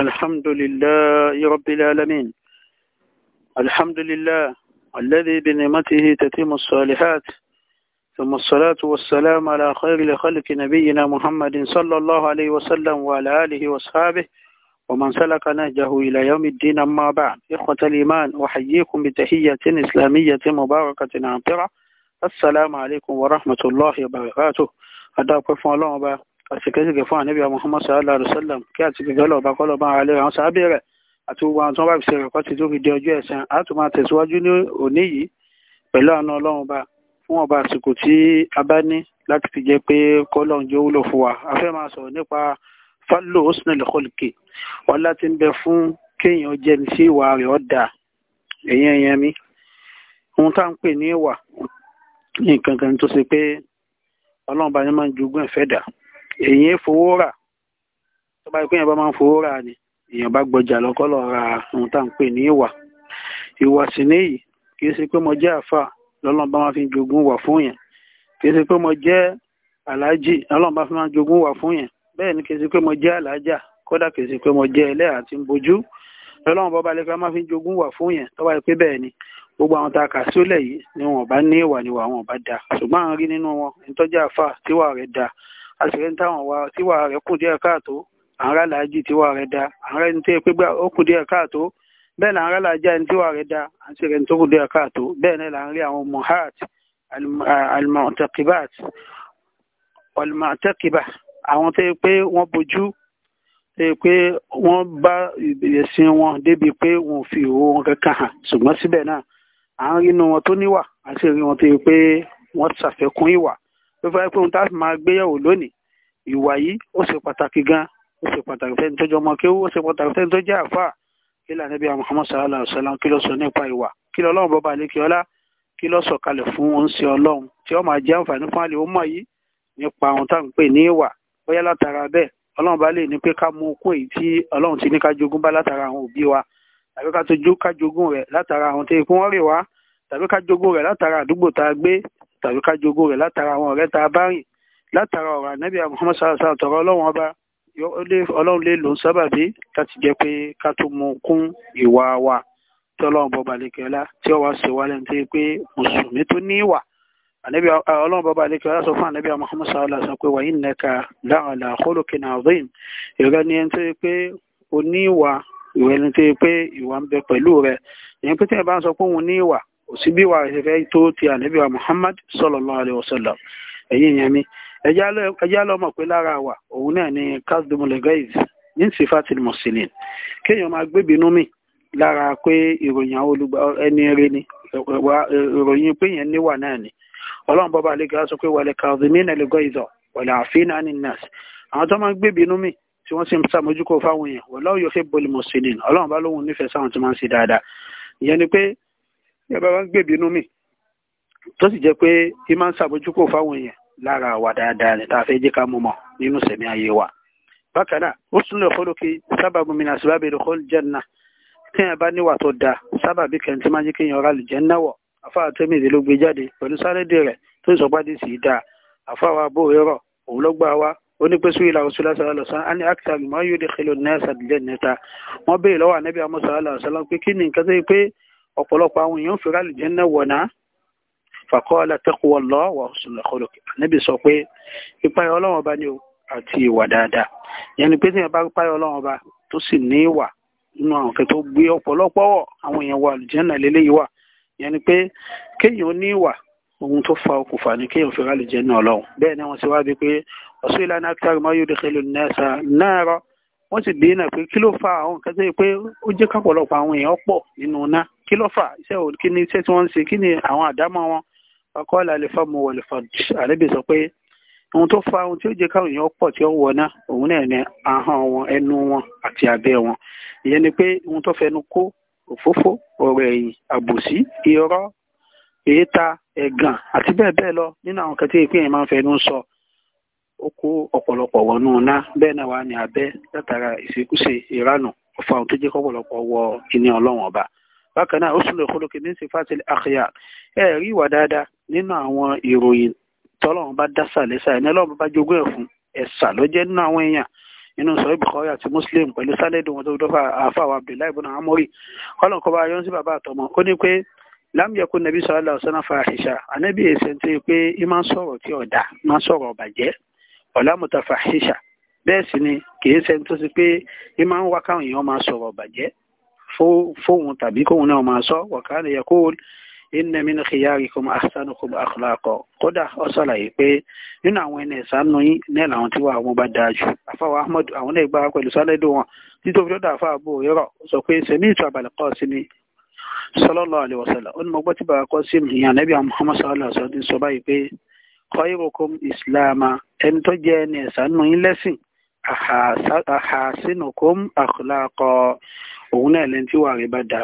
الحمد لله رب العالمين الحمد لله الذي بنعمته تتم الصالحات ثم الصلاة والسلام على خير لخلق نبينا محمد صلى الله عليه وسلم وعلى آله وأصحابه ومن سلك نهجه إلى يوم الدين ما بعد إخوة الإيمان أحييكم بتحية إسلامية مباركة عامرة السلام عليكم ورحمة الله وبركاته أدعوكم الله وبركاته àtìkẹ́sìkẹ́ fún ànábì Muhammad sallallahu alayhi wa sallam kí àtìkẹ́sìkẹ́ ọlọ́ọ̀bá kọ́lọ́ọ̀bá alẹ́ àwọn sábẹ́ rẹ̀ àti gbogbo àwọn tó ń bá fi ṣe rẹ̀ kọ́ ti dókè di ọjọ́ ẹ̀san a tún máa tẹ̀síwájú ní òní yìí pẹ̀lú àna ọlọ́run bá fún ọba àsìkò tí a bá ní láti fi jẹ́ pé kọ́lọ́ọ̀n jẹ́ wúlò fún wa a fẹ́ máa sọ̀rọ̀ nípa fálò husnul khulqi ọlá ti ń bẹ fún kéèyàn jẹni sí ìwà rẹ̀ ọ̀dà èyàn èyàn mi ohun tá à ń pè ní ìwà nǹkan kan tó ṣe pé ọlọ́run bá ní máa ń jogún ẹ̀fẹ́ dà èyí fowó rà tó bá yẹ kéèyàn bá máa ń fowó rà ni èèyàn bá gbọjà lọ́kọ́ lọ ra ohun tá à ń pè ní ìwà ìwà sì níyì kì í ṣe pé mo jẹ́ àfà lọ́lọ́run bá máa fi jogún wà fún yẹn kì í ṣe pé mo jẹ́ aláàjì lọ́lọ́run bá fi máa jogún wà fún yẹn bẹ́ẹ̀ ni kì í ṣe pé mo jẹ́ aláàjà kódà kì í ṣe pé mo jẹ́ ẹlẹ́yà àti ń bojú bá balẹ̀ fẹ́ máa fi jogún wà fún yẹn tó bá yẹ pé bẹ́ẹ̀ ni gbogbo àwọn tá a kà sílẹ̀ yìí ni wọn bá ní ìwà níwà wọn bá da ṣùgbọ́n à rí nínú wọn ìtọ́jú àfà tíwà rẹ̀ da àṣírí táwọn wa tíwà rẹ̀ kù díẹ̀ káàtó àǹrà làájì tíwà rẹ̀ da àǹrà ẹni tó yẹ pé ó kù díẹ̀ káàtó bẹ́ẹ̀ ni àǹrà làájì ẹni tíwà rẹ̀ da àṣírí ẹni tó kù díẹ̀ káàtó bẹ́ẹ̀ ni là ń rí àwọn mohat almantakibat almantakiba àwọn tó yẹ pé wọ́n bojú tó yẹ pé wọ́n bá ẹ̀sìn wọn débi pé wọn fi ìhòòhò wọn kankan hàn ṣùgbọ́n síbẹ̀ náà à ń rí inú wọn tó níwà àti rí wọn tó yẹ pé wọ́n ṣàfẹ́kún ìwà ló fẹ́ pé ohun tá a máa gbéyẹ̀wò lónìí ìwà yìí ó ṣe pàtàkì gan ó ṣe pàtàkì fẹ́ni tó jẹ́ ọmọ kéwú ó ṣe pàtàkì fẹ́ni tó jẹ́ àfà kí lànà bí Muhammad sallallahu alaihi wasallam kí ló sọ nípa ìwà kí lọ ọlọ́run bọ́ba àlékè ọlá kí ló sọ kalẹ̀ fún oúnṣe ọlọ́run tí ó máa jẹ́ àǹfààní fún àlè ọmọ yìí nípa ohun tá pè ní ìwà bóyá látara bẹ́ẹ̀ ọlọ́run bá lè ní pé ká mú okun èyí tí ọlọ́run ti ní ká jogún bá látara àwọn òbí wa tàbí ká jogún rẹ̀ látara àwọn tí ikú wọn rè wá tàbí ká jogún rẹ̀ látara àdúgbò tá a gbé tàbí ká jogún rẹ̀ látara àwọn ọ̀rẹ́ tá a bá rìn látara ọ̀rọ̀ ànábì Muhammad sallallahu alaihi wasallam tọ̀rọ̀ ọlọ́run ọba ọlọ́run lè lò ń sábàbí láti jẹ́ pé ká tó mú kún ìwà wa tí ọlọ́run bọ́ba àlekẹ́lá tí ó wá ṣe wá lẹ́nu tó yẹ pé mùsùlùmí tó ní ìwà ọlọ́run bọ́ba àlekẹ́lá sọ fún ànábì Muhammad sallallahu alaihi pé wa innaka la'ala khuluqin azim ìrẹ́ ni ẹni tó yẹ pé o ní ìwà ìwẹ́ni tó yẹ pé ìwà ń bẹ pẹ̀lú rẹ̀ ìyẹn pé tí ẹ bá ń sọ pé òun ní ìwà sí bí wàá ṣe fẹ́ tó ti ànábì wa Muhammad sallallahu alayhi wa sallam ẹ̀yìn yẹn mi ẹjá lọ mọ̀ pé lára wa òun náà ni kasdumule gaiz ní sifati musilin kéèyàn máa gbébinú mi lára pé ìròyìn àwọn olùgbà ẹni eré ni ìròyìn pé yẹn níwà náà ni ọlọ́run bọ́ba àlekà sọ pé wàlẹ̀ kazimin ẹlẹ́gọ́ ìzọ̀ wàlẹ̀ àfin aninas àwọn tó máa gbébinú mi tí wọ́n sì ń sàmójúkọ̀ fáwọn èèyàn wọ́n lọ́wọ́ yóò fẹ́ bọ́ọ̀lì musilin ọlọ́run bá lóhun nífẹ̀ẹ́ sáwọn tó máa ń ṣe dáadáa ìyẹn ni pé yọba bá ń gbèbí inú mi tó sì jẹ́ pé ìmọ̀ ń ṣàbójúkò fáwọn èèyàn lára àwa dáadáa ni tá a fẹ́ jẹ́ ká mú mọ̀ nínú sẹ̀mí ayé wa bákan náà ó sún lọ fọlọ́kì sábàbù mi náà sábàbù ìdókò jẹ́nà tí yẹn bá níwà tó da sábàbí kẹ́hìn tí máa jẹ́ kéèyàn ọ̀rá lùjẹ́ náwọ̀ àfáà tó mìíràn ló gbé jáde pẹ̀lú sárẹ́dì rẹ̀ tó ń sọpá dé sí i dáa àfáà wa bó rírọ̀ òun ló gbà wá ó ní pé ìlà ọ̀pọ̀lọpọ̀ àwọn èèyàn fẹ́ràn àlùjànnà wọ̀nà faqala taqwallah wa husnul khuluq ànábì sọ pé ìpayọ̀ ọlọ́run ọba ni o àti ìwà dáadáa ìyẹn ni pé tí yẹn bá páyọ̀ ọlọ́run ọba tó sì ní ìwà nínú àwọn kan tó gbé ọ̀pọ̀lọpọ̀ wọ̀ àwọn èèyàn wọ àlùjànnà lélẹ́yìí wà ìyẹn ni pé kéèyàn ní ìwà ohun tó fa okùnfà ní kéèyàn fẹ́ràn àlùjànnà ọlọ́run bẹ́ẹ̀ ni wọ́n ti wá bíi pé ọ̀sùn ìlànà akitari mọ́ yóò dé wọ́n sì bí náà pé kí ló fa àwọn nǹkan tó yẹ pé ó jẹ́ kápọ̀lọpọ̀ àwọn èèyàn pọ̀ nínú iná kí ló fà iṣẹ́ ò kí ni iṣẹ́ tí wọ́n ń ṣe kí ni àwọn àdámọ́ wọn ọkọ̀ àlàlẹ́fà mo wọlé fà àlẹ́bí sọ pé ohun tó fa ohun tí ó jẹ́ káwọn èèyàn pọ̀ tí ó wọ náà òun náà ni ahọ́n wọn ẹnu wọn àti abẹ́ wọn ìyẹn ni pé ohun tó fẹnu kó òfófó ọ̀rọ̀ ẹ̀yìn àbòsí irọ́ èéta ẹ̀gàn àti bẹ́ẹ̀ bẹ́ẹ̀ lọ nínú àwọn kẹtẹ́ ìpín yẹn máa ń fẹnu sọ ó kó ọ̀pọ̀lọpọ̀ wọnú ná bẹ́ẹ̀ náà wà ní abẹ́ látara ìṣekúṣe ìranù ọ̀fà ohun tó jẹ́ kọ́pọ̀lọpọ̀ wọ kíní ọlọ́run ọba bákan náà ó sùn lè kólókè ní sifatil akhya ẹ rí ìwà dáadáa nínú àwọn ìròyìn tọ́lọ́run bá dásà lẹ́sà ẹni ọlọ́run bá jogún ẹ̀ fún ẹ̀sà ló jẹ́ nínú àwọn èèyàn nínú sọ̀rọ̀ Bukhari àti Muslim pẹ̀lú sálẹ̀dù wọn tó dọ́fà àfàwà Abdullahi ibn Amori kọ́lọ̀ kọ́ba ayọ́ sí bàbá àtọmọ ó ní pé lámìyẹ̀kú nàbí sọ̀rọ̀ àlọ́ sọ́nà fàáhìṣà ànábì èsè ń pé ìmá sọ̀rọ̀ tí ọ̀dà má sọ̀rọ̀ ọ̀bàjẹ́ ọ̀làmùtà fàṣíṣà bẹ́ẹ̀ sì ni kìí ṣe tó ṣe pé ẹ máa ń wá káwọn èèyàn máa sọ̀rọ̀ bàjẹ́ fóun tàbí kóun náà máa sọ wọ̀kánì yẹ kó inna min khiyarikum ahsanukum akhlaqa kódà ó ṣàlàyé pé nínú àwọn ẹni ìsánú yín náà làwọn tí wà àwọn bá dáa jù afáwọn ahmad àwọn náà gbára pẹ̀lú sálẹ́dù wọn nítorí lọ́dọ̀ àfa àbò rírọ̀ sọ pé sẹ́mi ìtọ́ àbàlẹ̀ kọ́ sí ni sallallahu alaihi wasallam ó ní mo gbọ́ tí bàbá kọ́ sí mi àwọn muhammad sallallahu alaihi wasallam sọ báyìí pé khairukum islama ẹni tó jẹ́ ẹni ẹ̀sánú yín lẹ́sìn ahasinukum akhlaqa òun náà lẹ́ni tí wà rí bá da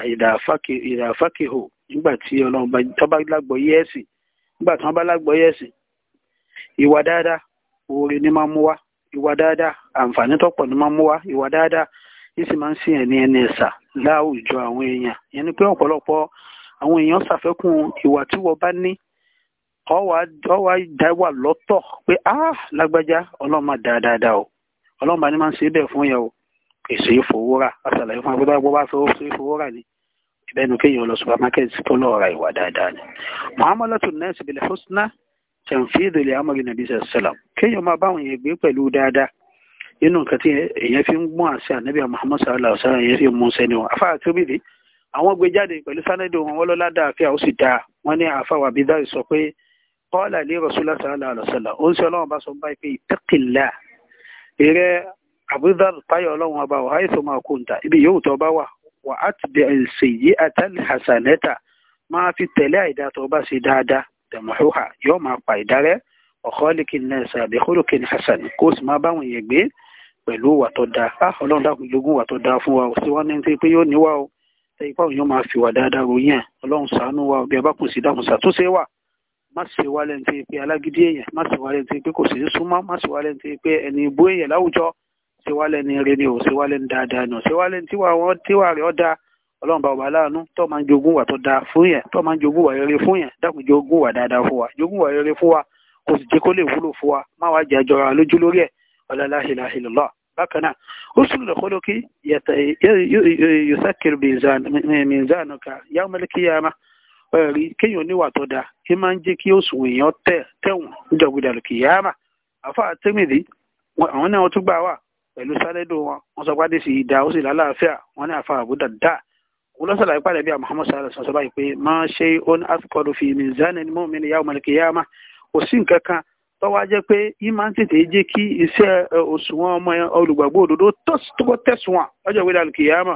ìdàfákihò nígbà tí ọlọ́run tó bá lágbọ́ yẹ́sì nígbà tí wọ́n bá lágbọ́ yẹ́sì ìwà dáadáa oore ni máa mú wá ìwà dáadáa àǹfààní tó pọ̀ ni máa mú wá ìwà dáadáa yìí sì máa ń sìn ẹni ẹni ẹ̀sà láwùjọ àwọn èèyàn yẹn ni pé ọ̀pọ̀lọpọ̀ àwọn èèyàn ṣàfẹ́kùn ìwà tí wọ́n bá ní ọwà ìdá wà lọ́tọ̀ pé ah lágbájá ọlọ́mà dáadáa o ọlọ́mà ni máa ń ṣe bẹ́ẹ̀ fún yẹn o èso ìfowó rà àṣàlàyé fún agbẹ́bá gbọ́ bá fẹ́ ṣe ìfowó rà ni ìbẹ́nu kéèyàn lọ supermarket tó lọ́ọ́ ra ìwà dáadáa ni. muhammadu nurse bilẹ̀ husna tanfidhu li amri nabi sallam kéèyàn máa báwọn yẹn gbé pẹ̀lú dáadáa nínú nǹkan tí èèyàn fi ń mú àṣẹ ànábì muhammad sallallahu alaihi wasallam yẹn fi mú sẹ́ni wọn afáà tó bìbí àwọn gbé jáde pẹ̀lú sanadi wọn wọ́n lọ́lá dáa fí àwọn sì dáa wọ́n ní àfáwà bídà sọ pé kọ́ọ̀lá ilé rasulá sàlá àlọ́sàlá ó ń sọ ọlọ́run bá sọ báyìí pé ìtẹ́kìlá eré abudul tayo ọlọ́run ọba wàhálà èso máa kó nta ibi yòówù tó bá wà wà á ti bẹ ẹsẹ yìí àtàlẹ hasanẹta máa fi tẹ̀lé àìdá tó bá ṣe dáadáa tẹmọhúhà yóò máa pa ìdárẹ ọkọọlìkìn náà sàbẹ hasan kó sì máa báwọn yẹn gbé wà tó dáa á ah, ọlọ́run dákun jogún wà tó dáa fún wa ó wọn ní pé yóò níwá o tẹ ipá òun yóò máa fi wà dáadáa ròyìn ọlọ́run ṣàánú wa bí a bá kù sí dákun ṣàtúnṣe wa má ṣe wá lẹ́nu tó yẹ pé alágídí èèyàn má ṣe wá lẹ́nu tó yẹ pé kò sí súnmọ́ má ṣe wá lẹ́nu tó yẹ pé ẹni ìbú èèyàn láwùjọ ṣe wá lẹ́nu eré ni ò ṣe wá lẹ́nu dáadáa ni ò ṣe wá lẹ́nu tíwà rẹ̀ ọ́ dáa ọlọ́run bá ọba aláàánú tó máa ń jogún wà tó dáa fún yẹn tó máa ń jogún wà rere fún yẹn dákun jogún wà dáadáa fún wa jogún wà rere fún wa kò sì jẹ́ kó lè wúlò fún wa má wàá jẹ́ àjọra lójú lórí ẹ̀ ọ̀làlá ìlàhìlọ́lá bákan náà ó sùn lọ́kọ́ lókè yòókè mìzánù ká yawmal qiyamah ẹ̀rí kéèyàn níwà tó dáa kí máa ń jẹ́ kí òṣùwọ̀n èèyàn tẹ̀ tẹ̀wọ̀n níjọ̀gbìdà lòkè yàrá àfa àtẹ́mìdì àwọn náà tún gbà wà pẹ̀lú sálẹ́dò wọn wọn sọ pàdé sí ìdá ó sì lálàáfíà wọn ní àfa àbúdà dáa wọn lọ sọ̀rọ̀ ìpàdé bí i Muhammad sallallahu alaihi wasallam sọ báyìí pé máa ṣe on afikọ́dù fi mizan ẹni mọ́ mi ni yàwó malikiyama kò sí nǹkan kan tọ́wọ́ á jẹ́ pé yín máa ń tètè jẹ́ kí iṣẹ́ òṣùwọ̀n ọmọ olùgbàgbọ́ òdodo tó tẹ̀sùwọ̀n lọ́jọ́ ìwé dàlù kìyàmà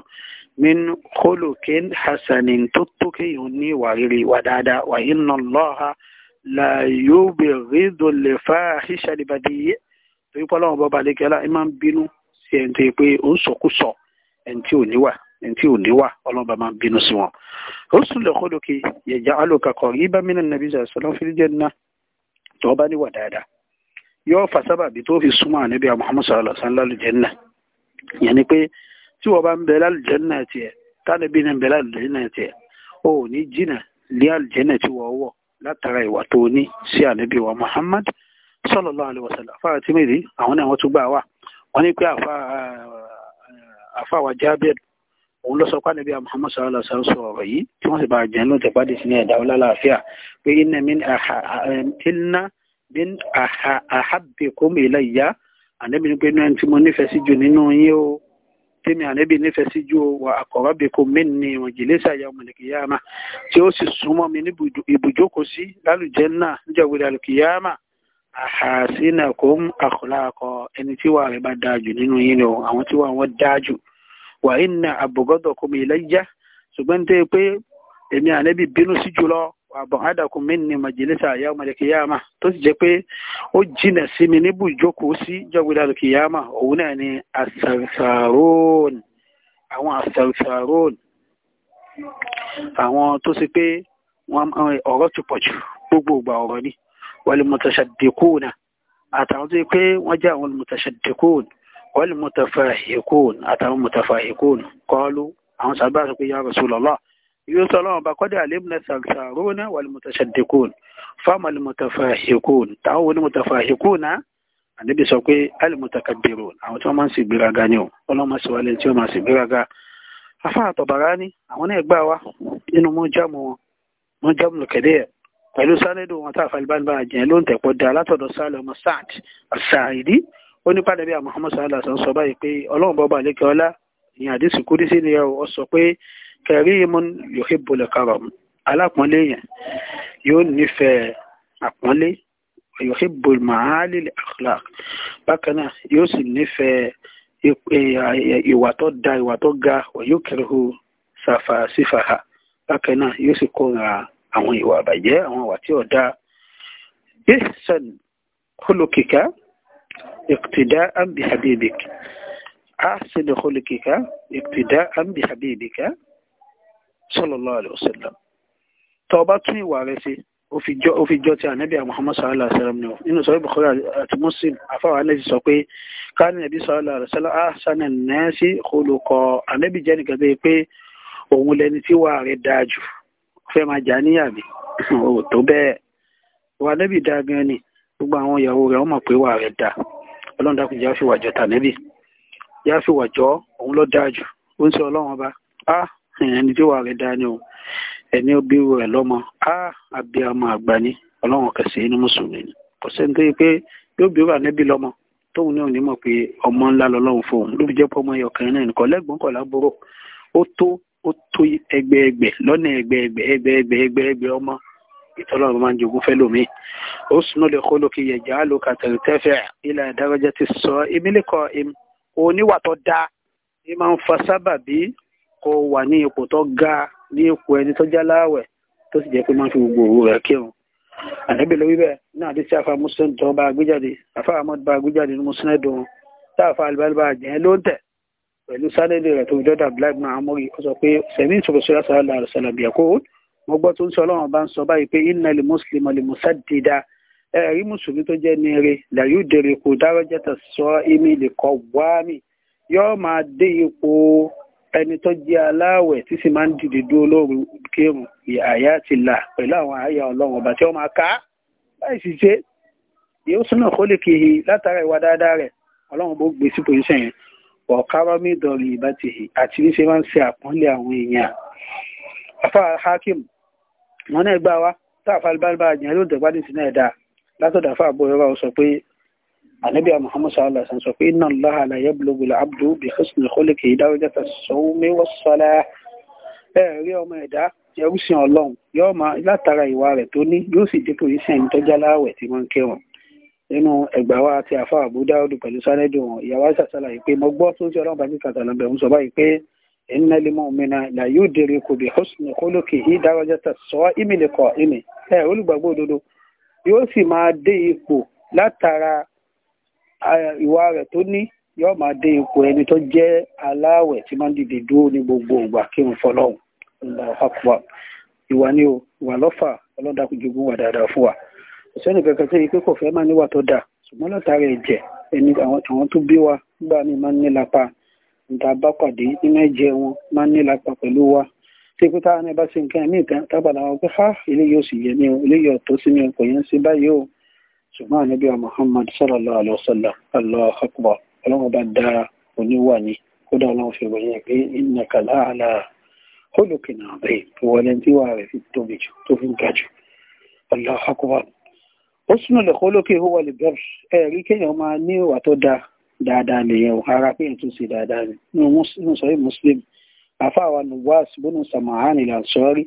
min khuluqin hasanin tó tó kéèyàn ní ìwà rere ìwà dáadáa wa inna Allaha la yubghidul fahisha al badiyya torí pọ́lọ́ wọn bọ́ba lẹ́kẹ́lá ẹ máa ń bínú sí ẹni tó yẹ pé ó ń sọkúsọ ẹni tí ò níwà ẹni tí ò níwà ọlọ́ba máa ń bínú sí wọn. ó sùn lẹ́kọ́ lókè yẹ̀já alùkàkọ̀ yìí bá mí tó bá níwà dáadáa yóò fà sábàbí tó fi súnmọ́ ànábì Muhammad sallallahu alaihi wasallam lálùjẹ́nà yẹn ni pé tí wọ́n bá ń bẹ lálùjẹ́nà tiẹ̀ tánàbí ní ń bẹ lálùjẹ́nà tiẹ̀ ó ní jìnnà lé àlùjẹ́nà tí wọ́n wọ̀ látara ìwà tó ní sí ànábì wa Muhammad sallallahu alaihi wasallam afáà Tirmidhi àwọn náà wọ́n tún gbà wá wọ́n ní pé àfáà wa Jábìrì òun lọ sọ pé ànábì Muhammad sallallahu alaihi wasallam sọ ọ̀rọ̀ yìí tí wọ́n sì bá jẹun ló tẹ̀pá sí ní ẹ̀dá ọlá láàfíà pé iná bin ahabbikum ilayya ànẹ́bí ní pé inú ẹni tí mo nífẹ̀ẹ́ sí jù nínú yín o tèmi ànẹ́bí nífẹ̀ẹ́ sí jù o wà aqrabikum minni majlisa yawmil qiyamah tí ó sì súnmọ́ mi ní ibùjókòó sí lálùjánnà níjàwé al-qiyamah ahasinakum akhlaqa ẹni tí wà rẹ̀ bá dáa jù nínú yín o àwọn tí wà wọ́n dáa jù wà inna abghadakum ilayya ṣùgbọ́n tẹ́ pé èmi ànẹ́bí bínú sí jùlọ àbọ̀hádàkùn mi ní màjèlésà àyà ọmọdé kìyàmà tó sì jẹ́ pé ó jìnà sí mi níbù ìjókòó sí jọ́gbìdàlù kìyàmà òun náà ni àṣàròòn àwọn àṣàròòn àwọn tó sì pé ọ̀rọ̀ ti pọ̀ gbogbo ìgbà ọ̀rọ̀ ni wal mutashaddiquna àtàwọn tó yẹ pé wọ́n jẹ́ àwọn mutashaddiqun wal mutafahikun àtàwọn mutafahikun qalu àwọn sàbẹ̀ àti pé ya Rasulullah yóò sọ ọlọ́run bá kọ́dé àlébùnà sàrúnà wàlùmùtàṣàdìkún fáwọn àlùmùtàfàhìkún táwọn onímùtàfàhìkún náà àníbi sọ pé àlùmùtàkàbìrún àwọn tí wọ́n máa ń sì gbéraga ni o ọlọ́run máa sì wálé tí wọ́n máa sì gbéraga afá àtọ̀bàrá ni àwọn náà gbà wá nínú mọ́jàmù wọn mọ́jàmù kẹ̀dẹ́ ẹ̀ pẹ̀lú sálẹ́dù wọn tá àfàlìbánibá jẹ́ ló ń tẹ̀pọ̀ dá látọ̀dọ̀ sálẹ̀ ọmọ sáàd àṣàìdí ó ní pàdé bí i Muhammad sallallahu alaihi wasallam sọ pé ọlọ́run bọ́ba àlékè ọlá ìyẹn àdìsí kúdísí ni ọ sọ pé kẹrímun yuhibbul الكرم. على yẹn yóò nífẹ̀ẹ́ àpọ́nlé yuhibbul ma'ali al akhlaq bákan náà yóò sì nífẹ̀ẹ́ ìwà tó da ìwà tó ga wa yukrihu sàfàsífàhà bákan náà yóò sì kóra àwọn ìwà àbàjẹ́ àwọn ìwà tí ò dáa ihsan khulukika iqtida'an bi habibik ahsan khulukika iqtida'an habibika sallallahu alaihi wasallam tó bá tún ìwà rẹ̀ ṣe ó fi jọ ti ànábì Muhammad sallallahu alaihi wasallam ni ó nínú sọ́rọ̀ Bukhari àti Muslim afáwọn anẹ́sì sọ pé káàní nàbí sallallahu alaihi wasallam ahsana nasi khuluqa ànábì jẹ́ nìkan bẹ́ẹ̀ pé òun lẹni tí wà rẹ̀ dáa jù fẹ́ máa jà níyà mi ò tó bẹ́ẹ̀ wà ànábì dáa gan ni gbogbo àwọn ìyàwó rẹ̀ wọ́n mọ̀ pé wà rẹ̀ dáa ọlọ́run dákun jẹ́ àfihàn àjọ tànẹ́bì jẹ́ àfihàn àjọ òun ló dáa jù ó ń sọ ọlọ́run ọba ah ẹni tí wàá rẹ dání o ẹni ó bí rẹ lọ́mọ á abiyamọ àgbà ni Ọlọ́run kẹsì inú mùsùlùmí ni kò sẹ́ni tó yẹ pé yóò bí rẹ ànẹbí lọ́mọ tóun ní òní mọ̀ pé ọmọ ńlá lọ́lọ́run fóun ló fi jẹ́ pé ọmọ ẹyọ kan náà nìkan lẹ́gbọ̀n kọ̀ lábúrò ó tó ó tó ẹgbẹẹgbẹ lọ́nà ẹgbẹẹgbẹ ẹgbẹẹgbẹ ẹgbẹẹgbẹ ọmọ ìtọ́lọ́ ọmọ máa ń jogún fẹ́ lómi ó súná lè kó lókè yẹ̀jẹ̀ á lò kàtàkì tẹ́fẹ̀ ilẹ̀ àdárajà ti sọ emílẹ̀kọ oníwà tó dáa ní máa ń sábàbí kó wà ní ipò tó ga ní ipò ẹni tó já láwẹ̀ tó sì jẹ́ pé máa ń fi gbogbo òru rẹ̀ kírun ànábì lórí bẹ́ẹ̀ náà àti tí afa muslim tó bá gbéjáde afa ahmed bá gbéjáde ní muslim dùn tá afa alibalibá jẹ́ ló ń tẹ̀ pẹ̀lú sálẹ̀lẹ̀ rẹ̀ tó ń jọ́dá black man amori ó sọ pé sẹ̀mí ìṣòro sọ́lá sàlá àrùsàlà bíyà kó mo gbọ́ tó ń sọ ọlọ́run bá ń sọ báyìí pé inna lè mùsùlùmí lè mùsàdìdá ẹ̀rí mùsùlùmí tó jẹ́ nire làyú dèrè kò dárọ́jẹ́ta sọ èmi lè kọ́ wá mi yóò máa dé ipò ẹni tó jẹ́ aláwẹ̀ tí sì máa ń dìde dúró lóru kírun àyà ti là pẹ̀lú àwọn àyà ọlọ́run ọba tí ó máa ká láì sì ṣe yóò súnà kó lè kiri látara ìwà dáadáa rẹ̀ ọlọ́run bó gbé sí pòṣíṣàn yẹn ọ̀kárọ́ mi dọ̀rọ̀ ìbá ti hì àti bí máa ń ṣe àpọ́nlé àwọn èèyàn afa hakim wọn náà gbá wa tá àfa alibálibá àjẹ́ ló dẹ̀gbádùn sí náà dáa látọ̀dọ̀ àfa àbúrò wa sọ pé ànábì Muhammad sallallahu alaihi wasallam sọ pé inna Allaha la yablughu al-abdu bi husni khuluqihi darajata as-sawmi was-salah ẹ rí ọmọ ẹ̀dá ẹrúsìn Ọlọ́run yóò máa látara ìwà rẹ̀ tó ní yóò sì dípò yìí sẹ́yìn tó jáláwẹ̀ tí wọ́n ń kírun nínú ẹgbà wa àti àfa àbúdá ọdún pẹ̀lú sánẹ́dù wọn ìyàwó àṣà sàlàyé pé mo gbọ́ tó ń ṣe Ọlọ́run bàbá kàtà lọ́bẹ̀ ń sọ báyìí pé inna al-mu'mina la yudriku bi husni khuluqihi darajata as-sa'imi li qa'imi ẹ olùgbàgbọ́ òdodo yóò sì máa dé ipò látara ìwà rẹ̀ tó ní yóò máa dé ipò ẹni tó jẹ́ aláwẹ̀ tí máa ń dìde dúró ní gbogbo ìgbà kí n fọlọ́hùn ọlọ́hàpùwà ìwà ni o ìwà lọ́fà ọlọ́dàkùnjogún wà dáadáa fún wa ìsẹ́ni kankan sí pé kò fẹ́ máa níwà tó dáa ṣùgbọ́n látara ẹ̀jẹ̀ ẹni àwọn tó bí wa nígbà míì máa ń nílapa níta bá pàdé nínú ẹ̀jẹ̀ wọn máa ń nílapa pẹ̀lú wa tí pé táwọn ẹbá ṣe nǹkan ẹ̀mí ìtàn tábàlà wọn pé ha eléyìí ò sì yẹ ní o eléyìí ọ̀tọ̀ sí mi ọkọ̀ yẹn ń ṣe báyìí o ṣùgbọ́n ànábì Muhammad sallallahu alaihi wasallam Allahu akbar ọlọ́run bá dá oníwà ní kódà ọlọ́run fi wọ̀nyẹ pé innaka la'ala khuluqin azim ìwọlé tí wà rẹ̀ fi tóbi jù tó fi ń ga jù Allahu akbar husnul khuluqi huwa al-birr ẹ̀rí kéèyàn máa ní ìwà tó dáa dáadáa nìyẹn o ara pé ètò sí dáadáa ni nínú sọ́yìn muslim àfáàwà nuwas bónú samahani lansori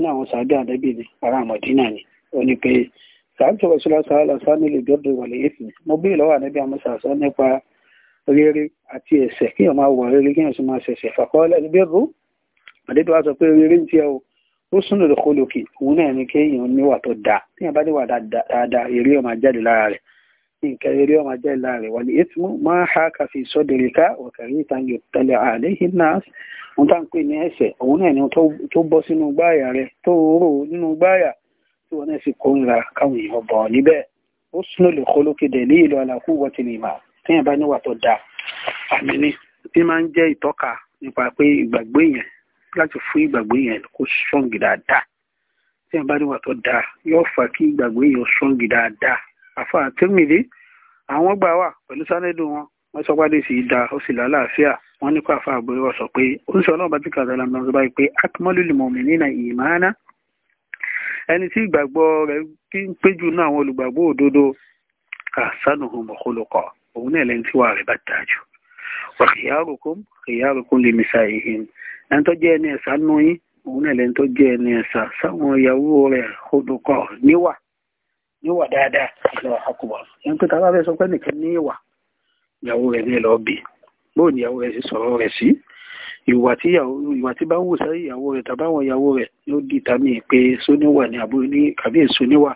ní àwọn sàbí àdẹ́bì ará Mádínà ni ó ní pé sàǹtì rọ̀ṣọ́lá sàálà sàmì lè dọ́dọ̀ wà lẹ́yìn fún mi mo bí ìlọ́wà níbi àwọn sàṣọ nípa rere àti ẹ̀ṣẹ̀ kí èèyàn máa wà rere kí èèyàn sì máa ṣẹ̀ṣẹ̀ fàkọ́ọ́lẹ̀ níbẹ̀ rú àdédọ́ wa sọ pé rere ń tiẹ̀ o ó súnà lè kó lókè òun náà ni kéèyàn níwà tó dáa téèyàn bá níwà dáadáa eré ọmọ jáde lára rẹ̀ nǹkan eré ọmọ jáde lára rẹ̀ wà ní ètùmú máa ha káfí sọ́dẹ̀ríkà ọ̀kàrí ìtàgé tẹ̀lé tí wọ́n náà fi kórìíra káwọn èèyàn bọ̀ níbẹ̀ ó súnú lè kó lókèdè ní ìlú alákú wọ́tí lè mà téèyàn bá ni bí máa ń jẹ́ ìtọ́ka nípa pé ìgbàgbé yẹn láti fún ìgbàgbé yẹn kó ṣọ́ǹgì dáadáa téèyàn bá níwà tó dáa yóò fà kí ìgbàgbé yẹn ṣọ́ǹgì dáadáa àfa àtẹ́mìlì àwọn gbà wà pẹ̀lú sánẹ́dù wọn wọ́n sọ pàdé sí ìdá ó sì lálàáfíà wọ́n nípa àfa àbúrò wọn sọ pé ó ń sọ ọlọ́run bá ti kàdá lámọ́ ẹni tí ìgbàgbọ́ rẹ̀ péjú náà àwọn olùgbàgbọ́ òdodo ahsanuhum khuluqa òun náà lẹ́ni tí wàá rẹ̀ bá dájú wa khiyarukum khiyarukum li nisa'ihim ẹni tó jẹ́ ẹni ẹ̀sà nù yín òun náà lẹ́ni tó jẹ́ ẹni ẹ̀sà sáwọn ìyàwó rẹ̀ khuluqa níwà níwà dáadáa lọ àkùbọ̀ ẹni tó tara ìwà tí ìwà tí bá ń wò sáré ìyàwó rẹ̀ tàbáwọn ìyàwó rẹ̀ ló di tàmí pé sóníwà ni àbúrò ní àbí èsóníwà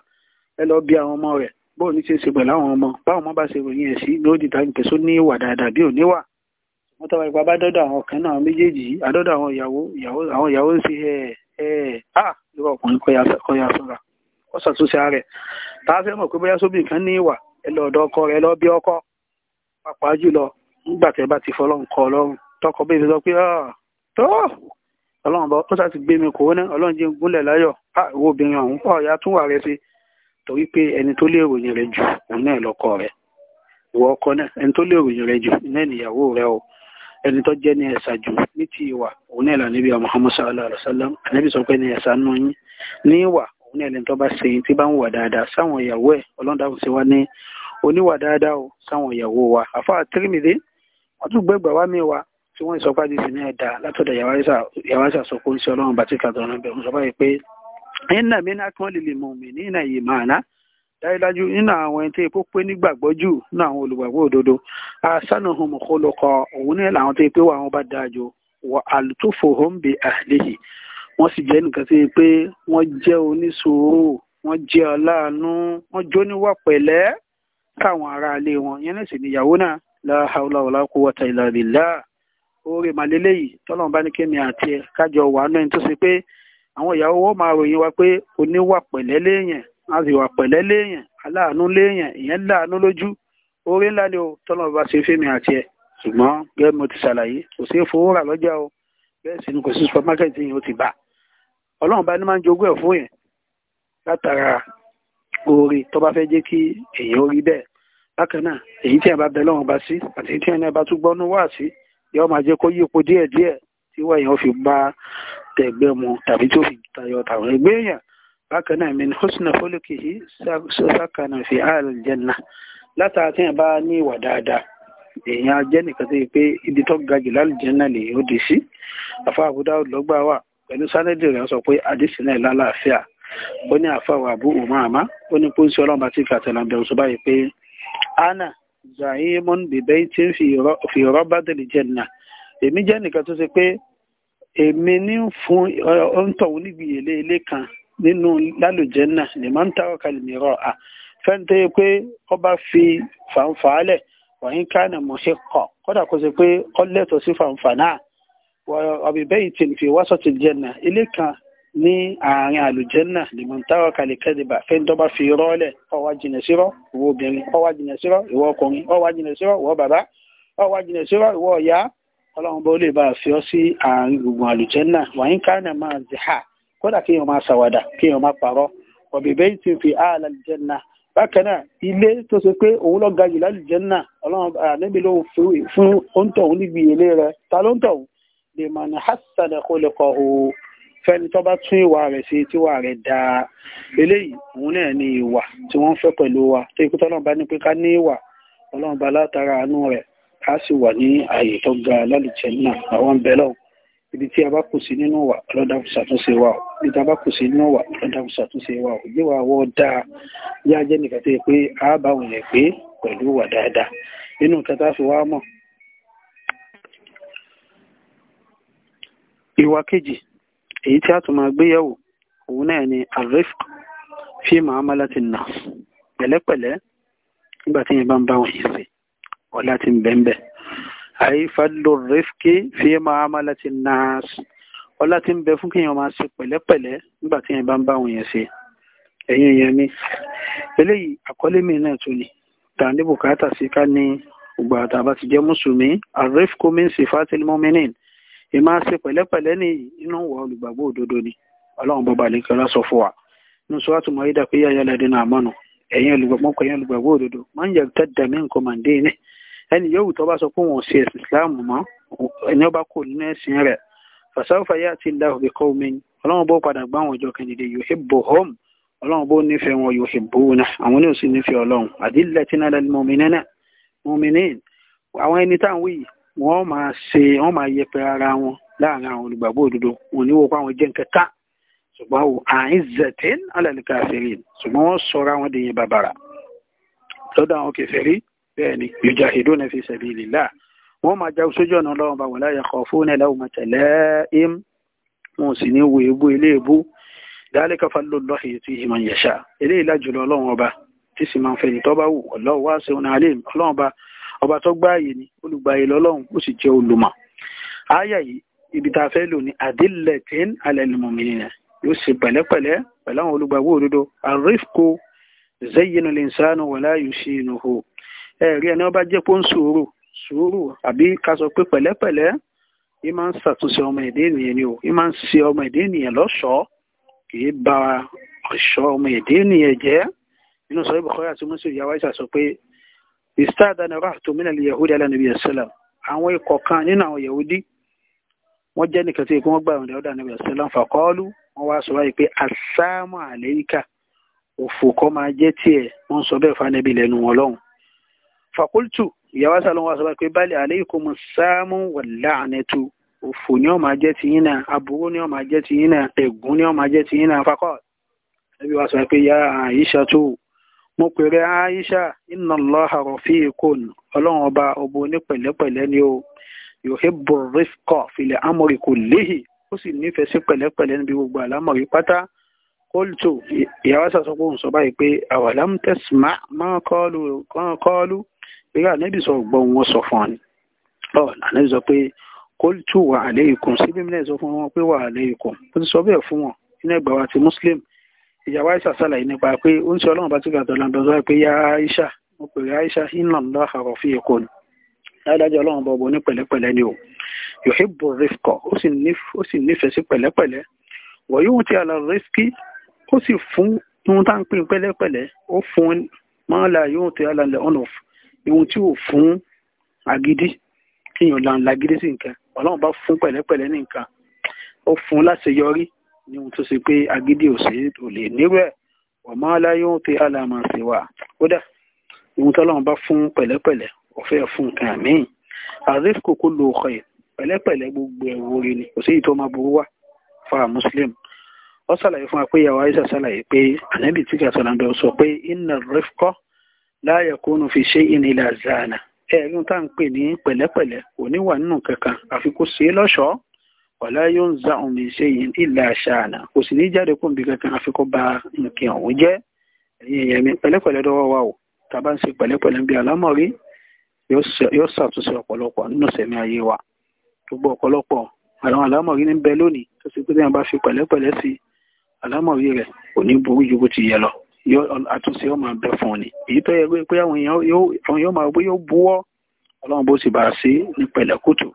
ẹ lọ bí àwọn ọmọ rẹ̀ bó ní ṣe ṣe pẹ̀lú àwọn ọmọ báwọn ọmọ bá ṣe ròyìn ẹ̀ sí ló di tàmí pé sóníwà dáadáa bí òníwà wọ́n tọ́wọ́ ipa bá dọ́dọ̀ àwọn ọ̀kan náà méjèèjì àdọ́dọ̀ àwọn ìyàwó àwọn ìyàwó ń ṣe ẹ̀ ẹ̀ à lórí ọkùnrin tá a fẹ́ mọ̀ pé bóyá sóbì kan ní ìwà ẹ lọ ọ̀dọ̀ ọkọ rẹ lọ bí ọkọ pàápàá tọkọ bẹ́ẹ̀ ti sọ pé ah, tó ọlọ́run bọ́ ó sáti gbé mi kò ní ọlọ́run jẹ́ gúnlẹ̀ láyọ̀ àwọn ah, obìnrin ọ̀hún pọ̀ ya tún wà rẹ sí torí pé ẹni tó lè ròyìn rẹ jù òun náà lọ́kọ rẹ ìwọ ọkọ náà ẹni tó lè ròyìn rẹ jù náà nìyàwó rẹ o ẹni tó jẹ́ ní ẹ̀sà jù ní ti ìwà òun náà lànà ibi Muhammad sallallahu alaihi wasallam ànábì sọ pé ní ẹ̀sà nù yín ní ìwà òun náà lẹ́ni tó bá ṣe tí bá ń wà dáadáa sáwọn ìyàwó ẹ̀ ọlọ́dàkùn sí wa ní oníwà dáadáa o sáwọn ìyàwó wa àfáà Tirmidhi wọ́n tún gbẹ́gbẹ̀ wá mi wa tí wọ́n ìsọpá di sí ní ẹ̀dá látọ̀dọ̀ yàwáṣà sọ pé oríṣi ọlọ́run bàtí kàtọ́ ọ̀nà bẹ̀rù sọ báyìí pé iná mi náà kí wọ́n lè lè mọ̀ mí nínà yìí màánà dájúdájú nínú àwọn ẹni tí epo pé nígbàgbọ́ jù nínú àwọn olùgbàgbọ́ òdodo asánà hàn mọ̀kọ́ ló kọ òun náà làwọn tó pé wà wọn bá dáa jù wọ àlùtòfò hàn bí àléyìí wọ́n sì jẹ́ nìkan sí pé wọ́n jẹ́ oníṣòro wọ́n jẹ́ ọláàánú wọ́n jó níwà pẹ̀lẹ́ káwọn aráalé wọn yẹn náà níyàwó náà la hawla wala oore màlélẹ́ yìí tọ́lọ́run bá ní kémi àti ẹ̀ kájọ wà nú ẹni tó ṣe pé àwọn ìyàwó wọn máa ròyìn wa pé oníwà pẹ̀lẹ́ léèyàn a sì wà pẹ̀lẹ́ léèyàn aláàánú léèyàn ìyẹn láàánú lójú oore ńlá ni o tọ́lọ́run bá ṣe fẹ́mi àti ẹ̀ ṣùgbọ́n gẹ́gẹ́ mo ti ṣàlàyé kò sí fowó rà lọ́jà o bẹ́ẹ̀ sì ni kò sí supermarket yìí ó ti bà ọlọ́run bá ní máa ń jogún ẹ̀ fún yẹn látara oore tó bá fẹ́ jẹ́ kí èèyàn rí bẹ́ẹ̀ bákan náà èyí tí ẹ bá bẹ lọ́run bá sí àti tí ẹ náà bá tún gbọ́nú wá sí yóò máa jẹ́ kó yípo díẹ̀díẹ̀ tí wà yẹn fi bá tẹ̀gbẹ́ mu tàbí tó fi tayọ tàwọn ẹgbẹ́ èèyàn bákan náà min husna khuluqihi sakana fi ahlil janna látara tí yẹn bá ní ìwà dáadáa èèyàn ajẹ́ nìkan tó yẹ pé ibi tó ga jù lálùjẹ́nà lè ó di sí afa Abu Dawud lọ́gbà wà pẹ̀lú sanadi rẹ̀ sọ pé àdìsí náà lálàáfíà ó ní àfa wà Abu Umama ó ní pósí ọlọ́mọba tí kàtàlà bẹ̀rù ana zahimun bìbẹ́ tí ń fi rọ́bà délé jẹ́ nà èmi jẹ́ nìkan tó ṣe pé èmi ní fún ọ̀ǹtọ̀hún nígbìyànlé ilé kan nínú lálùjẹ́ nà ní máa ń tàwọn kalimiro a fẹ́ǹtẹ́ pé ọba fi fàǹfàálẹ̀ wọ̀nyí kánà mọ̀ ṣe kọ̀ kódà kó ṣe pé ọlẹ́tọ̀ sí fàǹfà náà wọ́n ọbẹ̀ fi wọ́sọ̀ jẹ́ nà ilé kan ní àárín àlùjẹ́nà lèmọ̀ táwọn kalẹ̀ kẹ́dìbà fẹ́ tó bá fi rọ́ọ̀lẹ̀ ọwá jìnà sírọ́ ìwọ obìnrin ọwá jìnà sírọ́ ìwọ ọkùnrin ọwá jìnà sírọ́ ìwọ bàbá ọwá jìnà sírọ́ ìwọ ọ̀yá ọlọ́run bó lè bá fi ọ́ sí àárín gbùngbùn àlùjẹ́nà wàyín kánà máa zìhà kódà kí èèyàn máa ṣàwàdà kí èèyàn máa pàrọ̀ ọ̀bẹ̀bẹ̀ ti fi àlà àlùjẹ́nà bákan náà ilé tó ṣe pé òun lọ ga jù lálùjẹ́nà ọlọ́run àníbi ló fún fẹ́ni tó bá tún ìwà rẹ̀ ṣe tíwà rẹ̀ dáa eléyìí òun náà ni ìwà tí wọ́n ń fẹ́ wa tó ikú tọ́lọ́run bá ní pé ká ní ìwà ọlọ́run bá látara àánú rẹ̀ ká sì wà ní ààyè tó ga lálùjẹ náà àwọn ń ibi tí a bá kù sí nínú wa ọlọ́dàkùn ṣàtúnṣe wa o ibi tí a bá kù sí nínú wa ọlọ́dàkùn ṣàtúnṣe wa o ìgbé wa wọ́ dáa yá jẹ́ nìkan tó yẹ pé a bá òun yẹ pé pẹ̀lú wà dáadáa nínú kẹta fi wá mọ̀ ìwà kejì èyí tí a tún máa gbéyẹ̀wò òun náà ni arifq fi mu'amalati nnas pẹ̀lẹ́pẹ̀lẹ́ nígbà tí yẹn bá ń bá wọn yìí ṣe ọ̀la ti ń bẹ́ńbẹ́ àyè fadlu rifqi fi mu'amalati nnas ọlá ti ń bẹ fún kéèyàn máa ṣe pẹ̀lẹ́pẹ̀lẹ́ nígbà tí yẹn bá ń bá wọn yẹn ẹ̀yìn èèyàn mi eléyìí àkọlé mi náà tún ni tàǹdí bùkátà sí ká ní ògbà àtàbà ti jẹ́ mùsùlùmí arifqu min sifatil mu'minin ìmáa ṣe pẹ̀lẹ́pẹ̀lẹ́ ní inú wa olùgbàgbọ́ òdodo ni ọlọ́run bọba lè kẹ́ra sọ fún wa ní sọ́wọ́tò mọ̀ ayídà pé yáyá lẹ́dí náà mọ́nu ẹ̀yin olùgbàgbọ́ ẹ̀yin olùgbàgbọ́ òdodo máa ń yẹ tẹ́tẹ́ mi nǹkan màá dé ní ẹni yóò tó bá sọ pé wọn ò ṣe ẹ̀sìn ìsìláàmù mọ́ ẹni ọba kò ní ẹ̀sìn rẹ̀ fàṣàfà yá àti ìlà òbí kọ́ omi ọlọ́run bó padà gbá àwọn ìjọ kẹ́nìdé yuhibbuhum ọlọ́run bó nífẹ̀ẹ́ wọn yuhibbuna àwọn ní òsì nífẹ̀ẹ́ ọlọ́run àdìlẹ̀ tí náà lẹ́nu mọ̀mìnínà mọ̀mìnín àwọn ẹni táwọn wí wọ́n máa ṣe wọ́n máa yẹpẹ ara wọn láàrin àwọn olùgbàgbọ́ òdodo wọn ní wọ́n pa àwọn jẹ́ nkẹta ṣùgbọ́n àwọn àìzẹ̀tẹ́n alẹ́lẹ́ka àfẹ́rí ṣùgbọ́n wọ́n sọra wọn dèyìn bàbàrà lọ́dọ̀ àwọn kèfèrí bẹ́ẹ̀ ni yujahiduna fi sabilillah wọ́n máa jáwé sójú ọ̀nà ọlọ́run bá wọ́n la yakhafuna lawmata la'im wọn sì ní wo ebú ilé ebú dhalika fadlullahi yutihi man yasha eléyìí lájùlọ ọlọ́run ọba tí sì máa ń fẹ́ni tó bá wù ọlọ́run wá sí ọ̀nà àlẹ́ ọlọ́run ọba ọba tó gbáàyè ni olùgbàyè lọ́lọ́run ó sì jẹ́ olùmọ̀ àyà yìí ibi tá a fẹ́ lò ní adillatin ala yóò ṣe pẹ̀lẹ́pẹ̀lẹ́ pẹ̀lú àwọn olùgbàgbọ́ òdodo arifko zayyinu linsanu wala yushinuhu ẹ̀rí ẹni ọba jẹ́ pé ń sùúrù sùúrù àbí ká sọ pé pẹ̀lẹ́pẹ̀lẹ́ ì máa ń ṣàtúnṣe ọmọ ẹ̀dá ènìyàn ni o ì máa ń ṣe ọmọ ẹ̀dá ènìyàn lọ́ṣọ̀ọ́ kì í ba ọ̀ṣọ́ ọmọ ẹ̀dá ènìyàn jẹ́ nínú sọ ibùkọ́ àti mọ́sí ìyá wáyé sà sọ pé ìstáàdánù ráàtò mílẹ̀ yahudi alánàbí ẹ̀sẹ̀lẹ̀m àwọn ikọ̀ kan nínú àwọn yahudi wọ́n jẹ́ nìkan tí wọ́n gbà wọn dáwọ́dá alánàbí ẹ̀sẹ̀lẹ̀m fàkọ́ọ́lù wọ́n wá sọ wáyé pé àsámù àlẹ́yíkà òfò kọ́ máa jẹ́ tiẹ̀ wọ́n sọ bẹ́ẹ̀ fún anábì lẹ́nu wọn lọ́hùn. fàkúltù ìyàwó sàlọ́n wá sọ wáyé pé báyìí àlẹ́yìnkùn sáàmù wà láàánẹ́tù òfò ni ó máa jẹ́ tiyín náà aburú ni ó máa jẹ́ tiyín náà ègún ni ó máa jẹ́ tiyín náà fàkọ́ọ̀lù mo pèrè aisha inna allaha rafiqun ọlọ́run ọba ọba onípẹ̀lẹ́pẹ̀lẹ́ ni o yuhibbu rifqa fil amri kullihi ó sì nífẹ̀ẹ́ sí pẹ̀lẹ́pẹ̀lẹ́ níbi gbogbo àlámọ̀rí pátá qultu ìyàwó sàṣọ pé òun sọ báyìí pé awalam tasma' ma qalu ìrẹ́ ànẹ́bì sọ gbọ́ wọn sọ fún ni ànẹ́bì sọ pé qultu wa alaykum síbí mílẹ̀ sọ fún wọn pé wa alaykum ó ti sọ bẹ́ẹ̀ fún wọn nínú wa ti muslim ìyàwó Aisha ṣàlàyé nípa pé ó ń sọ ọlọ́run bá túbọ̀ àtọ́lá dọ́dọ́ pé yá Aisha mo pèrè Aisha iná ńlá àrọ̀ fi èkó ni dáadáa ọlọ́run bọ̀ bọ̀ ní pẹ̀lẹ́pẹ̀lẹ́ ni o yòhébù rìfkọ ó sì nífẹ̀ẹ́ sí pẹ̀lẹ́pẹ̀lẹ́ wọ̀nyí ohun tí àlọ́ rìskì ó sì fún ohun tá à ń pín pẹ̀lẹ́pẹ̀lẹ́ ó fún mọ́lá yóò tẹ àlàlẹ̀ ọ̀nà ohun tí ò fún agídí kíyàn làǹlà gidi sí nǹkan ọlọ́run bá fún pẹ̀lẹ́pẹ̀lẹ́ ní nǹkan ó fún láṣeyọrí ní ohun tó ṣe pé agídí ò sí ò lè nírú ẹ̀ ọ̀mọ́ aláyé ń pe alàmà sí wa kódà ohun tọ́lọ́run bá fún pẹ̀lẹ́pẹ̀lẹ́ ọ̀fẹ́ fún nǹkan àmín azeez kòkó lo ọkọ̀ yìí pẹ̀lẹ́pẹ̀lẹ́ gbogbo ẹ̀wò orí ni kò sí èyí máa burú wá fa muslim ó ṣàlàyé fún wa pé ìyàwó aisha ṣàlàyé pé ànábì tí kà sọ̀rọ̀ bẹ́ẹ̀ sọ pé inna rifqa la yakunu fi shay'in illa zana ẹ̀rí tá à ń pè ní pẹ̀lẹ́pẹ̀lẹ́ òní wà nínú kankan àfi kó ṣe wàlá yóò ń za òun lè ṣe yìí ìlà ṣáàna kò sì ní jáde kó nbí kankan àfikọ́ ba nǹkan ọ̀hún jẹ́ ẹ̀yìn ẹ̀yẹ mi pẹ̀lẹ́pẹ̀lẹ́ dọ́wọ́ wa o tá a bá ń ṣe pẹ̀lẹ́pẹ̀lẹ́ ń bí alámọ̀rí yóò ṣàtúnṣe ọ̀pọ̀lọpọ̀ nínú sẹ̀mí ayé wa gbogbo ọ̀pọ̀lọpọ̀ àwọn alámọ̀rí ní bẹ lónìí tó ṣe pé tí wọ́n bá fi pẹ̀lẹ́pẹ̀lẹ́ sí alámọ̀rí rẹ̀ kò ní burú ju bó ti yẹ lọ àtúnṣe yóò gbé yóò buwọ́ bá ṣe ní pẹ̀lẹ́kùtù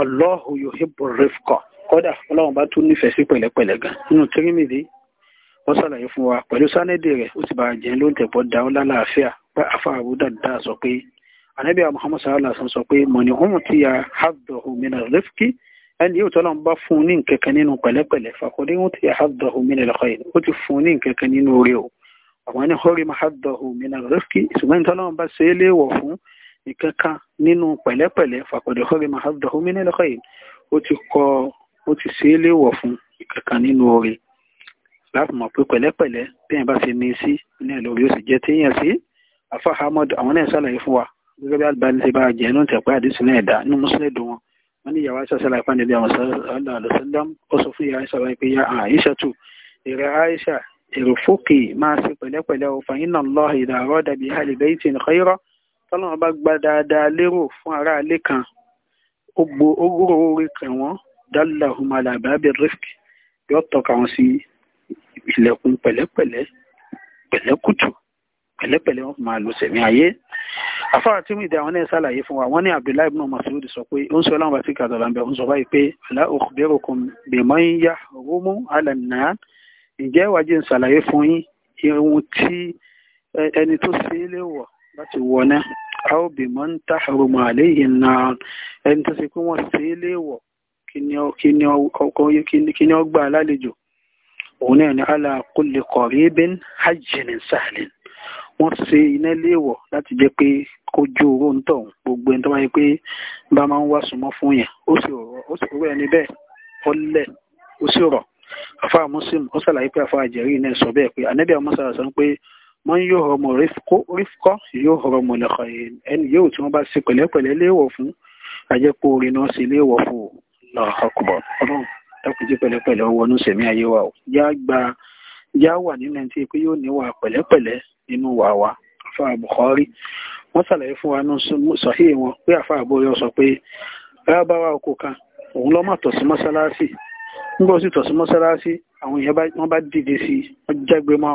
Allahu yuhibbu rifqa kódà ọlọ́run bá tún nífẹ̀ẹ́ sí pẹ̀lẹ́pẹ̀lẹ́ gan nínú tírímìdì wọ́n ṣàlàyé fún wa pẹ̀lú sánẹ́dì rẹ̀ ó ti bá jẹ́ ló ń tẹ̀pọ̀ da ó lálàáfíà pé afa àbúdà dáa sọ pé anabi muhammad sallallahu alaihi sọ pé mọ̀nì ọmọ tí ya haddahu min rifqi ẹni yóò tọ́lọ́ bá fún un ní nkẹ̀kẹ́ nínú pẹ̀lẹ́pẹ̀lẹ́ fàkọ́dé wọn ti a haddahu min al-khayr ó ti fún un ní nkẹ̀kẹ́ nínú rẹ̀ o àwọn ẹni hórí ma haddahu min rifqi ìṣùgbọ́n tọ́lọ́ bá ṣe é léèwọ̀ fún ìkankan nínú pẹ̀lẹ́pẹ̀lẹ́ fàkọ̀dẹ̀ hóre mahadum homini lọ́kọ̀ yìí ó ti kọ ó ti ṣe é léwọ̀ fún ìkankan nínú oore láti mọ̀ pé pẹ̀lẹ́pẹ̀lẹ́ téèyàn bá ṣe ní sí ní ẹ̀lọ́ yóò sì jẹ́ téèyàn sí afa ahmad àwọn náà ṣàlàyé fún wa gẹ́gẹ́ bí Albani ṣe bá jẹ́ inú tẹ̀pẹ́ àdìsí náà ẹ̀dá inú mùsùlùmí dùn wọn wọ́n ní ìyàwó aṣọ ṣàlàyé fún àdìbí àwọn sọ́dọ̀ ó sọ fún ìyá aṣọ wáyé pé ya Aisha tù ìrẹ́ Aisha èrò fókè máa ṣe pẹ̀lẹ́pẹ̀lẹ́ òfin iná lọ́ọ̀ ìdàrọ́ dàbí hàlì bẹ́ẹ̀ tì ní kọ́yọ́rọ́ tọ́lọ́run bá gba dáadáa lérò fún ará ilé kan ó gbòòrò orí kàn wọ́n dálà humala bàbá rifki yóò tọ́ka wọn sí ilẹ̀kùn pẹ̀lẹ́pẹ̀lẹ́ pẹ̀lẹ́kùtù pẹ̀lẹ́pẹ̀lẹ́ wọn máa lọ sẹ̀mí ayé afárá tí mi dé àwọn náà ṣàlàyé fún wa wọn ní abdullahi ibn masud sọ pé ó ń sọ láwọn bàtí kàdọ̀là ń bẹ ń sọ báyìí pé ala ukhbirukum bima yahrumu ala an-nar ǹjẹ́ wàá ń ṣàlàyé fún yín ẹni tó ṣe é léwọ̀ láti wọná a ó bì mọ́ ń tà àrùmọ̀ àléyìn náà ẹni tó ṣe pé wọ́n ṣe é léèwọ̀ kí ni ó gbà lálejò òun náà ni ala kulli qaribin hajjinin sahlin wọ́n ṣe iná léèwọ̀ láti jẹ́ pé kó jó owó ń tọ̀ gbogbo ẹni tó wáyé pé bá máa ń wá súnmọ́ fún yẹn ó sì rọ̀ ẹni bẹ́ẹ̀ ó ó sì rọ̀ àfáà ó sàlàyé pé àfáà náà sọ bẹ́ẹ̀ pé ànábì pé mọ́ yóò rọmọ rífkọ́ yóò rọmọ lẹ́kọ̀ọ́ ẹni yóò tí wọ́n bá ṣe pẹ̀lẹ́pẹ̀lẹ́ léèwọ̀ fún àjẹpọ̀ orin náà ṣe léèwọ̀ fún ọ lọ́kọ̀ọ̀kọ̀ ọlọ́run dákùnjẹ́ pẹ̀lẹ́pẹ̀lẹ́ wọnú sẹ̀mí ayé wa o yá gba yá wà nínú ẹni pé yóò níwà pẹ̀lẹ́pẹ̀lẹ́ nínú wà wa afa Bukhari wọ́n ṣàlàyé fún wa ní sọ̀hí wọn pé afa àbúrò sọ pé rábáwá oko kan òun lọ́ mà tọ̀ sí mọ́sálásí nígbà ó sì tọ̀ sí mọ́sálásí àwọn èèyàn wọ́n bá dìde sí wọ́n jágbe mọ́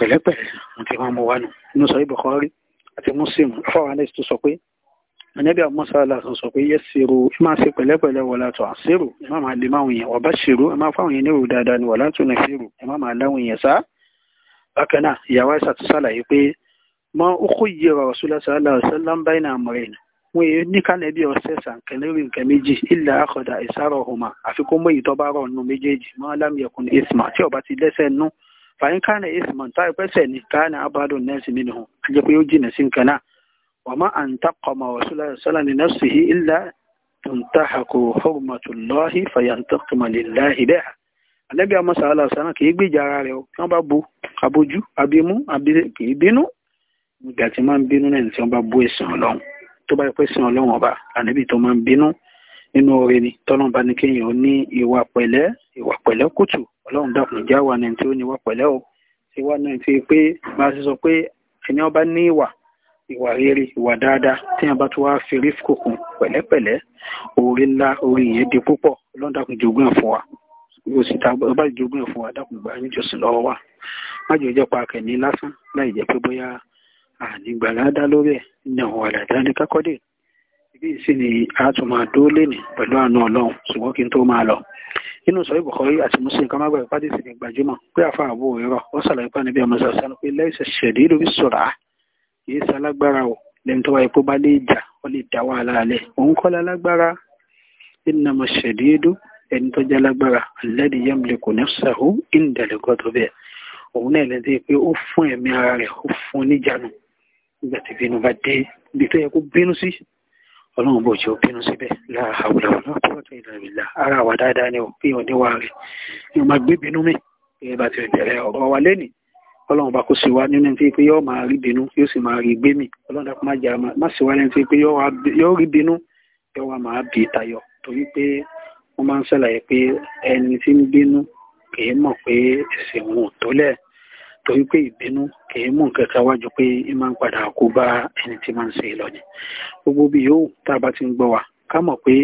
pẹ̀lẹ́pẹ̀lẹ́ mo ti máa mọ wa nù inú sọ Bukhari àti Muslim fáwọn alẹ́ tó sọ pé ànábì àmọ́sá aláàsán sọ pé yẹ́sìrò ẹ máa ṣe pẹ̀lẹ́pẹ̀lẹ́ wọ̀ látọ̀ àṣírò ẹ máa máa lè máa wòyàn ọ̀bá ṣèrò ẹ máa fáwọn yẹn ní èrò dáadáa ni wọ̀ látọ̀ ní ṣèrò ẹ máa máa láwọn yẹn sá. bákan náà ìyàwó àìsàn ti ṣàlàyé pé mọ okó yìí ọ̀rọ̀ ṣúlẹ̀ṣẹ̀ aláàṣẹ lámbáyé fàyín kánà èsì mọ̀ tá ìpẹ́sẹ̀ ní kánà abádùn nẹ́ẹ̀sì mi nìhun a jẹ́ pé ó jìnà sí nǹkan náà wà má à ń takọ̀mọ̀ wàsúlà sọ́là ní nọ́ọ̀sì yìí ilà tuntahaku hurmatullahi fayantakumalilahi bẹ́ẹ̀ alẹ́bí amọ́sà aláṣánà kì í gbèjà ara o tí wọ́n bu abojú abimú abire kì í bínú ìgbà tí máa ń bínú náà tí bu ẹ̀sìn ọlọ́run tó bá pẹ́ sìn ọlọ́run ọba ànábì tó máa ń bínú nínú oore ni tọ́lọ́n bá kéèyàn ní ìwà pẹ̀lẹ́ ìwà pẹ̀lẹ́ kùtù ọlọ́run dákun já wà ní tí ó níwà pẹ̀lẹ́ o tí wà náà ti pé bá a ṣe sọ pé ẹni ọba ní ìwà ìwà rere ìwà dáadáa tí wọn bá tún wá fi rí kòkun pẹ̀lẹ́pẹ̀lẹ́ orí ńlá orí ìyẹn di púpọ̀ ọlọ́run dákun jogún ẹ̀ fún wa yóò sì ta ọba jogún ẹ̀ fún wa dákun gbà níjọsìn lọ́wọ́ wa má jẹ́ ìjọpa akẹ́ni lásán láì jẹ́ pé bóyá ànígbàládá lórí ẹ̀ ní àwọn àlàdá ní kákọ́dé ìbí ìsìn ni a tún máa dúró lénìí pẹ̀lú àánú ọlọ́run ṣùgbọ́n kí n tó máa lọ inú sọ Bukhari àti Muslim kan máa gbàgbé pàdé sì ní gbajúmọ̀ pé àfa àbò òyìnbó ó ṣàlàyé pé níbi àmọ́sá sanu pé lẹ́sẹ̀ ṣẹ̀dí lórí sọ̀rọ̀ à yìí ṣe alágbára o lẹ́yìn tó wáyé pé bá lè jà ó lè dá wàhálà alẹ́ òun kọ́ lálágbára innama ṣẹ̀dídú ẹni tó jẹ́ lágbára alladhi yamliku nafsahu inda al-ghadabi òun náà lẹ́yìn pé ó fún ẹ̀mí ara rẹ̀ ó fún níjànú nígbà tí bínú bá dé ibi tó yẹ kó bínú sí ọlọ́run bò jẹ́ òbínú síbẹ̀ láàáwùlà ọlọ́pọ̀lọpọ̀ ìlànà ara wà dáadáa ni òbí òníwà rẹ̀ ni ọmọ gbé bínú mi ẹ bá ti bẹ̀rẹ̀ ọ̀rọ̀ wa lẹ́nìí ọlọ́run bá kó sí wa nínú tí pé yóò máa rí bínú yóò sì máa rí gbé mi ọlọ́run dàpọ̀ má jà má sì wá lẹ́nu tí pé yóò rí bínú yóò torí pé ìbínú kìí mú nǹkan kan wájú pé ẹ máa ń padà kó bá ẹni tí máa ń ṣe lọ ni gbogbo bí yòówù tá a bá ti ń gbọ́ wa ká mọ̀ pé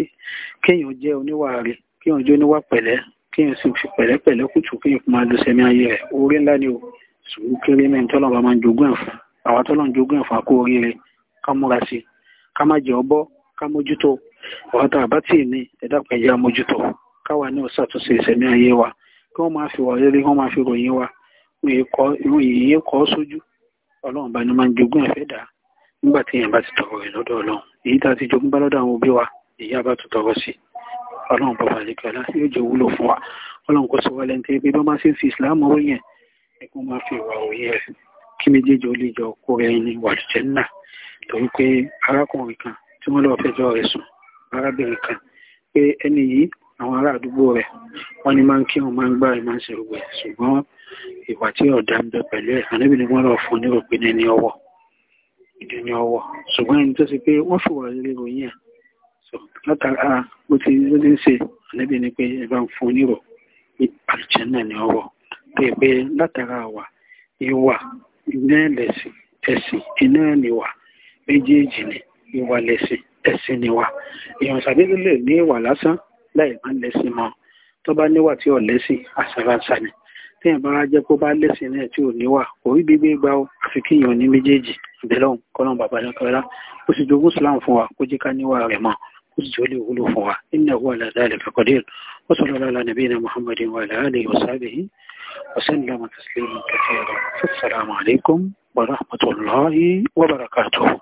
kéèyàn jẹ́ oníwà rẹ kéèyàn jẹ́ oníwà pẹ̀lẹ́ kéèyàn sì fi pẹ̀lẹ́pẹ̀lẹ́ kùtù kéèyàn fi máa lo sẹ́mi ayé rẹ̀ orí ńlá ni o ṣùgbọ́n kéré mẹ́rin tọ́lọ́ bá máa ń jogún ẹ̀ fún àwọn tọ́lọ́ ń jogún ẹ̀ fún oríire ká múra sí i ká má jẹ́ ọbọ́ ká mójútó àwọn tá a bá tì ní ẹ̀dá pẹ̀yà mójútó káwa ní ọ̀sàtúnṣe ìsẹ̀mí ayé wa kí wọ́n máa fi wà rere kí wọ́n máa fi ròyìn wa irú èyí kọ́ sójú ọlọ́run bá ní máa ń jogún ẹ̀fẹ́ dà nígbà tí èèyàn bá ti tọrọ rẹ̀ lọ́dọ̀ ọlọ́run èyí tá a ti jogún bá lọ́dọ̀ àwọn òbí wa èyí a bá tún tọrọ sí ọlọ́run bàbá àlekẹ́ ọlá yóò jẹ́ wúlò fún wa ọlọ́run kò sọ wá lẹ́nu tẹ́ pé bá máa ṣe fi ìsìlámù owó yẹn ni kó máa fi ìwà òye rẹ̀ kí méjèèjì ó lè jọ kó rẹ̀ ní wàlùjẹ́ náà torí pé arákùnrin kan tí wọ́n lọ́ọ́ fẹjọ́ rẹ̀ sùn arábìnrin kan pé ẹni yìí àwọn ará àdúgbò rẹ̀ wọ́n ní máa ń kírun máa ń gbá ẹ̀ máa ń ṣe gbogbo ẹ̀ ṣùgbọ́n ìwà tí ọ̀dá ń bẹ pẹ̀lú ẹ̀ ànábì ni wọ́n lọ fún ní òpin ní ọwọ́ ìdí ní ọwọ́ ṣùgbọ́n ẹni tó ṣe pé wọ́n fi wà lórí ròyìn ẹ̀ látara bó ti ló ti ń ṣe ànábì ni pé ẹ bá ń fún nírò àlùjànnà ní ọwọ́ pé pé látara wà ìwà iná ẹlẹ́sìn ẹ̀sìn iná níwà méjèèjì ni ìwà lẹ́sìn ẹ̀sìn níwà èèyàn ṣàdédé lè ní ìwà lásán láì má lẹ́sìn mọ́ tó bá níwà tí ò lẹ́sìn àṣàràṣà ni tí ẹ̀ bá jẹ́ kó bá lẹ́sìn náà tí ò níwà orí gbígbé gba ó àfi kíyàn ní méjèèjì ìbẹ̀lọ́hùn kọ́lọ́n bàbá lọ́kọ́lá ó sì jogún sùlámù fún wa kó jẹ́ ká níwà rẹ̀ mọ́ ó sì jọ́lé wúlò fún wa innahu ala dhalika qadir wa sallallahu ala nabiyina muhammadin wa ala alihi wa sahbihi wa sallama tasliman kathira assalamu alaikum wa rahmatullahi wa barakatuh